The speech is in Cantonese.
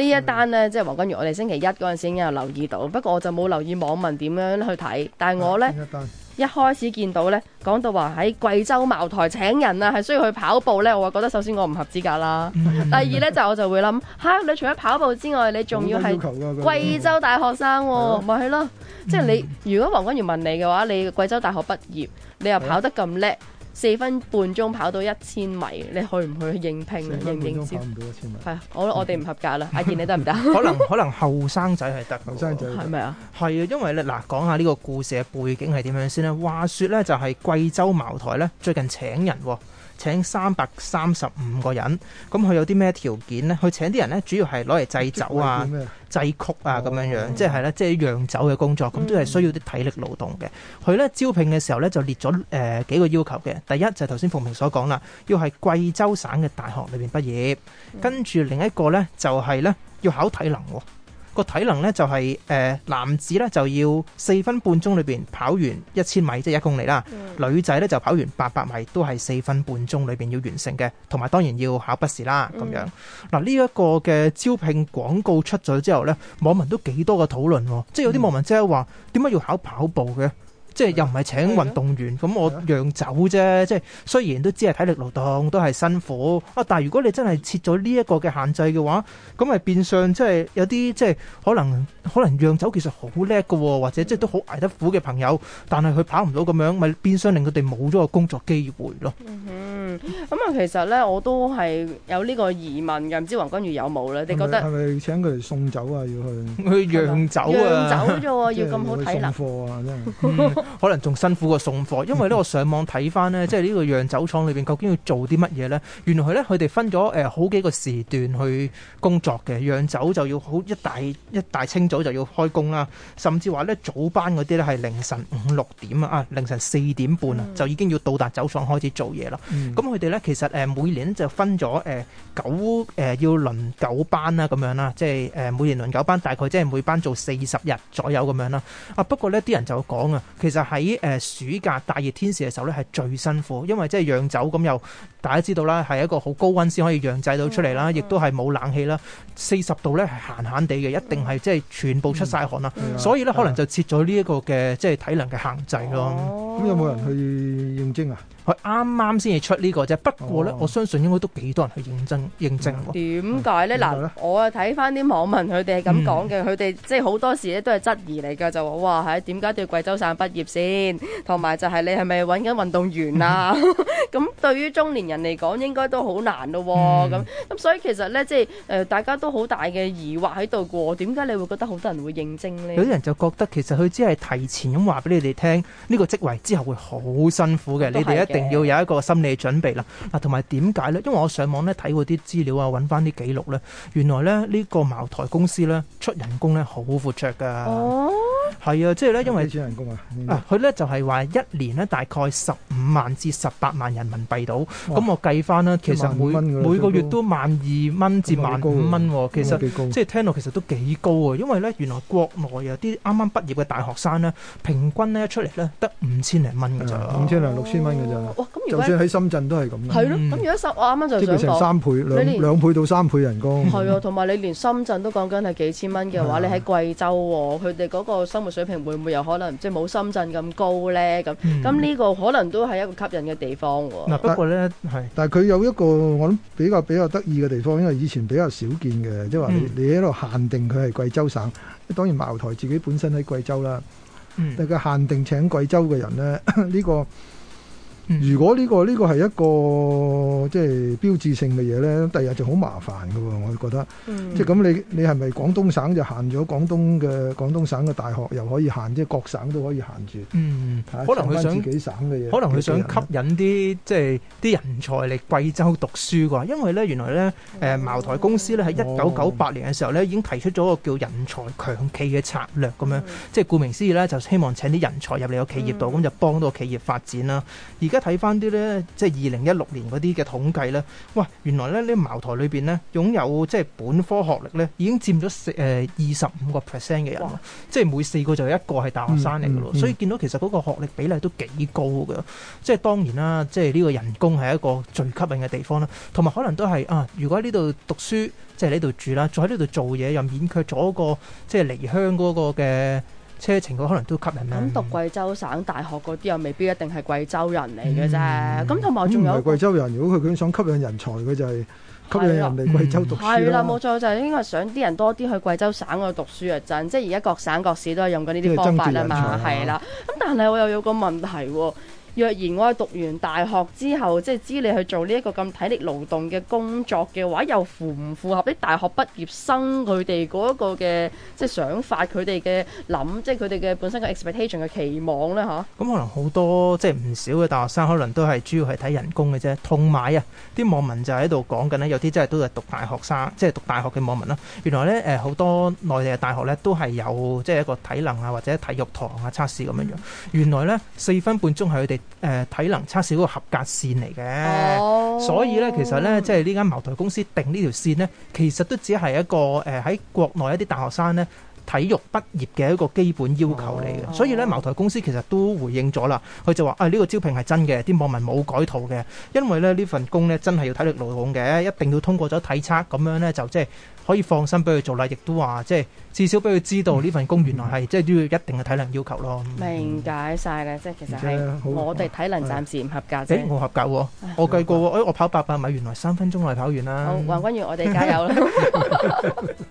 呢一單呢，即係黃君如，我哋星期一嗰陣時已經有留意到，不過我就冇留意網民點樣去睇。但係我呢，一,一開始見到呢，講到話喺貴州茅台請人啊，係需要去跑步呢，我就覺得首先我唔合資格啦。 第二呢，就、我就會諗吓，你除咗跑步之外，你仲要係貴州大學生喎、啊，咪係咯。即係你如果黃君如問你嘅話，你貴州大學畢業，你又跑得咁叻。四分半鐘跑到一千米，你去唔去應聘？四分半鐘跑唔到一千米？係、嗯，啊，我哋唔合格啦。 阿健，你得唔得？可能可能後生仔係得。後生仔係咪啊？係啊，因為咧嗱，講下呢個故事嘅背景係點樣先咧？話説咧，就係、係、貴州茅台咧，最近請人請三百三十五個人，咁佢有啲咩條件咧？佢請啲人咧，主要係攞嚟製酒啊。製曲啊，咁樣樣，即係咧，即係釀酒嘅工作，咁都係需要啲體力勞動嘅。佢咧招聘嘅時候咧，就列咗誒、呃、幾個要求嘅。第一就頭先鳳鳴所講啦，要喺貴州省嘅大學裏邊畢業，跟住另一個咧就係、是、咧要考體能喎。個體能呢、就係呃，就係誒男子呢，就要四分半鐘裏邊跑完一千米，即係一公里啦。嗯、女仔呢，就跑完八百米，都係四分半鐘裏邊要完成嘅。同埋當然要考筆試啦，咁樣嗱呢一個嘅招聘廣告出咗之後呢，網民都幾多個討論，即係有啲網民即係話點解要考跑步嘅？即係又唔係請運動員，咁我釀酒啫。即係雖然都只係體力勞動，都係辛苦啊。但係如果你真係設咗呢一個嘅限制嘅話，咁咪變相即係有啲即係可能可能釀酒其實好叻㗎喎，或者即係都好捱得苦嘅朋友，但係佢跑唔到咁樣，咪變相令佢哋冇咗個工作機會咯。咁啊，嗯嗯嗯，其實咧我都係有呢個疑問嘅，唔知黃君如有冇咧？你覺得係咪請佢哋送酒啊？要去去釀酒啊？釀酒啫喎， 要咁好體力？送貨啊，真係，可能仲辛苦過送貨。因為咧，我上網睇翻，呢，即係呢個釀酒廠裏邊究竟要做啲乜嘢咧？原來咧，佢哋分咗，誒、呃、好幾個時段去工作嘅。釀酒就要好一大一大清早就要開工啦，甚至話咧早班嗰啲咧係凌晨五六點啊，凌晨四點半啊，就已經要到達酒廠開始做嘢啦。嗯嗯咁佢哋咧，其實誒每年就分咗誒九誒要輪九班啦，咁樣啦，即係誒每年輪九班，大概即係每班做四十日左右咁樣啦。啊，不過呢啲人就講啊，其實喺誒暑假大熱天時嘅時候咧，係最辛苦，因為即係釀酒咁又大家知道啦，係一個好高温先可以釀製到出嚟啦，亦都係冇冷氣啦，四十度咧係閑閑地嘅，一定係即係全部出晒汗啊，嗯、所以咧可能就設咗呢一個嘅即係體能嘅限制咯。咁有冇人去應徵啊？佢啱啱先至出呢。呢個啫，不過咧，哦、我相信應該都幾多人去認真認證喎。點解咧？嗱、啊，我啊睇翻啲網民，佢哋係咁講嘅，佢哋、嗯、即係好多時咧都係質疑嚟㗎，就話哇係點解對貴州省畢業先？同埋就係你係咪揾緊運動員啊？咁、嗯、 對於中年人嚟講，應該都好難咯。咁咁、嗯，所以其實咧，即係誒，大家都好大嘅疑惑喺度㗎。點解你會覺得好多人會認證呢？有啲人就覺得其實佢只係提前咁話俾你哋聽，呢個職位之後會好辛苦嘅，嗯、你哋一定要有一個心理準，啦，嗱，同埋點解呢？因為我上網咧睇嗰啲資料啊，揾翻啲記錄呢。原來咧呢、呢個茅台公司呢，出人工呢好闊綽噶。係啊，即係咧，因為人工啊，佢咧就係話一年咧大概十五萬至十八萬人民幣到，咁我計翻啦，其實每每個月都萬二蚊至萬五蚊喎，其實即係聽落其實都幾高啊。因為咧原來國內啊啲啱啱畢業嘅大學生咧，平均咧一出嚟咧得五千零蚊㗎咋，五千零六千蚊㗎咋，就算喺深圳都係咁。係咯，咁如果十，我啱啱就想講，即係成三倍、兩兩倍到三倍人工。係啊，同埋你連深圳都講緊係幾千蚊嘅話，你喺貴州喎，佢哋嗰個生活水平會唔會有可能即係冇深圳咁高呢？咁咁呢個可能都係一個吸引嘅地方喎。嗱，不過呢係，但係佢有一個我諗比較比較得意嘅地方，因為以前比較少見嘅，即係話你你喺度限定佢係貴州省。當然茅台自己本身喺貴州啦，但佢限定請貴州嘅人呢，呢個。嗯、如果呢、這個呢、這個係一個即係標誌性嘅嘢咧，第日就好麻煩嘅喎，我覺得。嗯、即係咁，你你係咪廣東省就限咗廣東嘅廣東省嘅大學又可以限即係各省都可以限住？嗯，可能佢想自己省嘅嘢，可能佢想吸引啲即係啲人才嚟貴州讀書啩？因為咧，原來咧，誒、呃、茅台公司咧喺一九九八年嘅時候咧，已經提出咗個叫人才強企嘅策略咁樣、嗯、即係顧名思義咧，就希望請啲人才入嚟個企業度，咁就、嗯、幫到個企業發展啦。而家。睇翻啲咧，即係二零一六年嗰啲嘅統計咧，哇！原來咧呢、這個、茅台裏邊咧，擁有即係本科學歷咧，已經佔咗四誒二十五個 percent 嘅人，哇即係每四個就有一個係大學生嚟嘅咯。嗯嗯嗯、所以見到其實嗰個學歷比例都幾高嘅，即係當然啦，即係呢個人工係一個最吸引嘅地方啦，同埋可能都係啊，如果喺呢度讀書，即係喺度住啦，仲喺呢度做嘢，又免卻咗一個即係離鄉嗰個嘅。車程佢可能都吸引啦、嗯。咁讀貴州省大學嗰啲又未必一定係貴州人嚟嘅啫。咁同埋仲有，唔係貴州人。如果佢咁想吸引人才，佢就係吸引人嚟貴州讀書咯。係啦，冇、嗯嗯、錯，就係、是、應該想啲人多啲去貴州省度讀書嘅真。即係而家各省各市都係用緊呢啲方法啊嘛。係啦、嗯。咁但係我又有個問題喎、啊。若然我係讀完大學之後，即係知你去做呢一個咁體力勞動嘅工作嘅話，又符唔符合啲大學畢業生佢哋嗰一個嘅即係想法，佢哋嘅諗，即係佢哋嘅本身嘅 expectation 嘅期望呢？嚇？咁可能好多即係唔少嘅大學生，可能都係主要係睇人工嘅啫。同埋啊，啲網民就喺度講緊咧，有啲真係都係讀大學生，即係讀大學嘅網民啦。原來呢，誒好多內地嘅大學呢，都係有即係一個體能啊，或者體育堂啊測試咁樣樣。原來呢，四分半鐘係佢哋。誒、呃、體能測試嗰個合格線嚟嘅，oh. 所以咧，其實咧，即係呢間茅台公司定呢條線呢，其實都只係一個誒喺、呃、國內一啲大學生咧，體育畢業嘅一個基本要求嚟嘅，所以咧茅台公司其實都回應咗啦，佢就話啊呢個招聘係真嘅，啲網民冇改圖嘅，因為咧呢份工咧真係要體力勞動嘅，一定要通過咗體測，咁樣咧就即係可以放心俾佢做啦，亦都話即係至少俾佢知道呢份工原來係、嗯嗯、即係都要一定嘅體能要求咯。明解晒嘅，即係其實係我哋體能暫時唔合格啫、哦欸。我合格、哦、唉我計過喎，唉唉我跑八百米原來三分鐘內跑完啦。好、哦哦，黃君如，我哋加油啦！